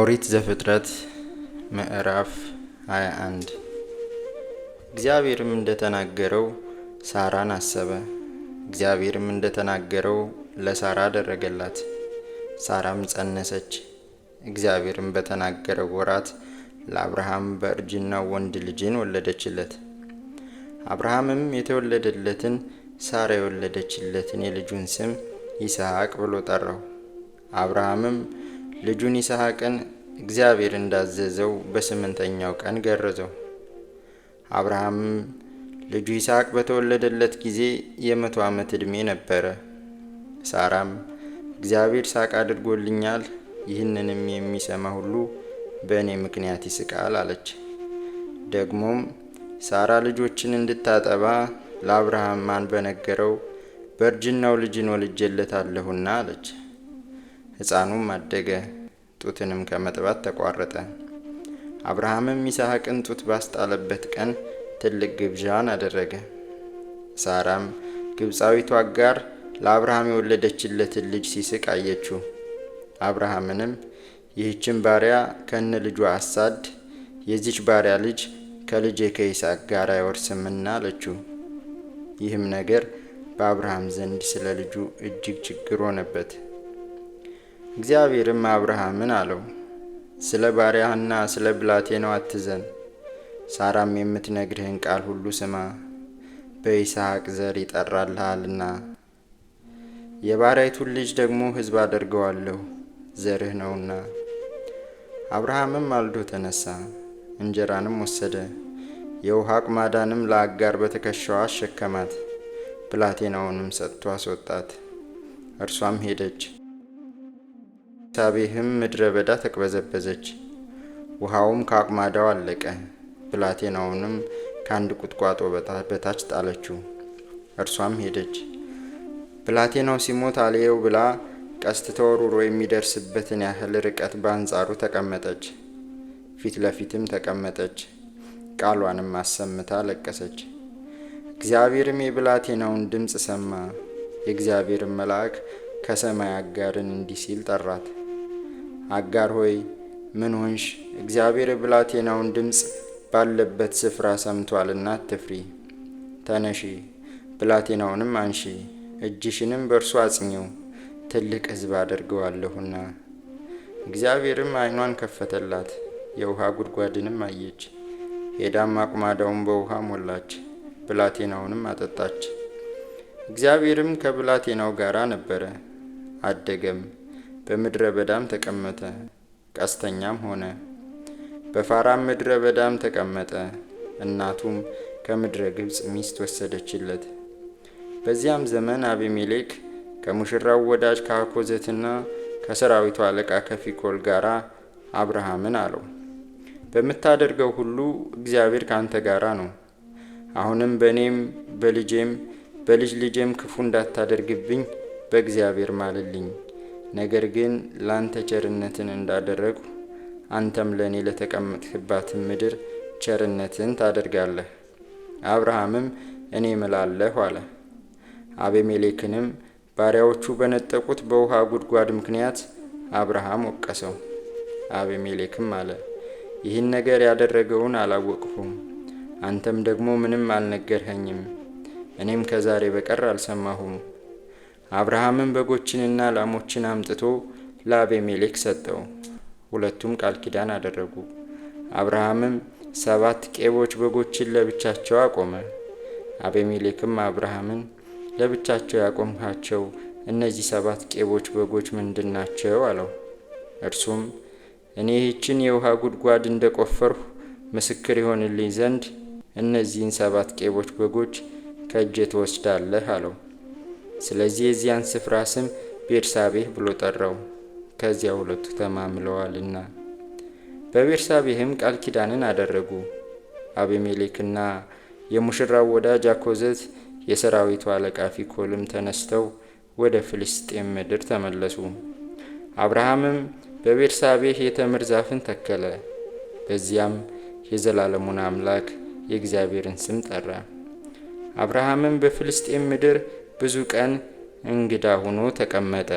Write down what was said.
ኦሪት ዘፍጥረት ምዕራፍ 21 እግዚአብሔርም እንደተናገረው ሳራን አሰበ። እግዚአብሔርም እንደተናገረው ለሳራ አደረገላት። ሳራም ጸነሰች። እግዚአብሔርም በተናገረው ወራት ለአብርሃም በእርጅናው ወንድ ልጅን ወለደችለት። አብርሃምም የተወለደለትን ሳራ የወለደችለትን የልጁን ስም ይስሐቅ ብሎ ጠራው። አብርሃምም ልጁን ይስሐቅን እግዚአብሔር እንዳዘዘው በስምንተኛው ቀን ገረዘው። አብርሃምም ልጁ ይስሐቅ በተወለደለት ጊዜ የመቶ ዓመት ዕድሜ ነበረ። ሳራም እግዚአብሔር ሳቅ አድርጎልኛል፣ ይህንንም የሚሰማ ሁሉ በእኔ ምክንያት ይስቃል አለች። ደግሞም ሳራ ልጆችን እንድታጠባ ለአብርሃም ማን በነገረው በእርጅናው ልጅን ወልጄለታለሁና አለች። ሕፃኑም አደገ፣ ጡትንም ከመጥባት ተቋረጠ። አብርሃምም ይስሐቅን ጡት ባስጣለበት ቀን ትልቅ ግብዣን አደረገ። ሳራም ግብፃዊቷ አጋር ለአብርሃም የወለደችለትን ልጅ ሲስቅ አየችው። አብርሃምንም ይህችን ባሪያ ከነ ልጇ አሳድ፣ የዚች ባሪያ ልጅ ከልጄ ከይስሐቅ ጋር አይወርስምና አለችው። ይህም ነገር በአብርሃም ዘንድ ስለ ልጁ እጅግ ችግር ሆነበት። እግዚአብሔርም አብርሃምን አለው፣ ስለ ባሪያህና ስለ ብላቴናው አትዘን፣ ሳራም የምትነግርህን ቃል ሁሉ ስማ፣ በይስሐቅ ዘር ይጠራልሃልና። የባሪያይቱን ልጅ ደግሞ ሕዝብ አደርገዋለሁ፣ ዘርህ ነውና። አብርሃምም አልዶ ተነሳ፣ እንጀራንም ወሰደ፣ የውሃ ቁማዳንም ለአጋር በትከሻዋ አሸከማት፣ ብላቴናውንም ሰጥቶ አስወጣት። እርሷም ሄደች። ሳቤህም ምድረ በዳ ተቅበዘበዘች፣ ውሃውም ከአቁማዳው አለቀ። ብላቴናውንም ከአንድ ቁጥቋጦ በታች ጣለችው፣ እርሷም ሄደች። ብላቴናው ሲሞት አልየው ብላ ቀስት ተወርውሮ የሚደርስበትን ያህል ርቀት በአንጻሩ ተቀመጠች። ፊት ለፊትም ተቀመጠች፣ ቃሏንም አሰምታ ለቀሰች። እግዚአብሔርም የብላቴናውን ድምፅ ሰማ። የእግዚአብሔርን መልአክ ከሰማይ አጋርን እንዲህ ሲል ጠራት፣ አጋር ሆይ ምን ሆንሽ? እግዚአብሔር ብላቴናውን ድምፅ ባለበት ስፍራ ሰምቷልና አትፍሪ። ተነሺ፣ ብላቴናውንም አንሺ፣ እጅሽንም በእርሱ አጽኚው፣ ትልቅ ሕዝብ አደርገዋለሁና። እግዚአብሔርም ዓይኗን ከፈተላት፣ የውሃ ጉድጓድንም አየች። ሄዳም አቁማዳውን በውሃ ሞላች፣ ብላቴናውንም አጠጣች። እግዚአብሔርም ከብላቴናው ጋር ነበረ፣ አደገም። በምድረ በዳም ተቀመጠ፣ ቀስተኛም ሆነ። በፋራም ምድረ በዳም ተቀመጠ። እናቱም ከምድረ ግብፅ ሚስት ወሰደችለት። በዚያም ዘመን አቤሜሌክ ከሙሽራው ወዳጅ ከአኮዘትና ከሰራዊቱ አለቃ ከፊኮል ጋር አብርሃምን አለው፣ በምታደርገው ሁሉ እግዚአብሔር ከአንተ ጋራ ነው። አሁንም በእኔም በልጄም በልጅ ልጄም ክፉ እንዳታደርግብኝ በእግዚአብሔር ማልልኝ። ነገር ግን ላንተ ቸርነትን እንዳደረግሁ አንተም ለእኔ ለተቀመጥህባት ምድር ቸርነትን ታደርጋለህ። አብርሃምም እኔ እምላለሁ አለ። አቤሜሌክንም ባሪያዎቹ በነጠቁት በውሃ ጉድጓድ ምክንያት አብርሃም ወቀሰው። አቤሜሌክም አለ፣ ይህን ነገር ያደረገውን አላወቅሁም፣ አንተም ደግሞ ምንም አልነገርኸኝም፣ እኔም ከዛሬ በቀር አልሰማሁም። አብርሃምን በጎችንና ላሞችን አምጥቶ ለአቤሜሌክ ሰጠው። ሁለቱም ቃል ኪዳን አደረጉ። አብርሃምም ሰባት ቄቦች በጎችን ለብቻቸው አቆመ። አቤሜሌክም አብርሃምን ለብቻቸው ያቆምካቸው እነዚህ ሰባት ቄቦች በጎች ምንድን ናቸው? አለው። እርሱም እኔ ይህችን የውሃ ጉድጓድ እንደ ቆፈርሁ ምስክር ይሆንልኝ ዘንድ እነዚህን ሰባት ቄቦች በጎች ከእጄ ትወስዳለህ አለው። ስለዚህ የዚያን ስፍራ ስም ቤርሳቤህ ብሎ ጠራው፣ ከዚያ ሁለቱ ተማምለዋልና። በቤርሳቤህም ቃል ኪዳንን አደረጉ። አቤሜሌክና የሙሽራው ወዳጅ አኮዘት የሰራዊቱ አለቃ ፊኮልም ተነስተው ወደ ፍልስጤም ምድር ተመለሱ። አብርሃምም በቤርሳቤህ የተምር ዛፍን ተከለ። በዚያም የዘላለሙን አምላክ የእግዚአብሔርን ስም ጠራ። አብርሃምም በፍልስጤም ምድር ብዙ ቀን እንግዳ ሆኖ ተቀመጠ።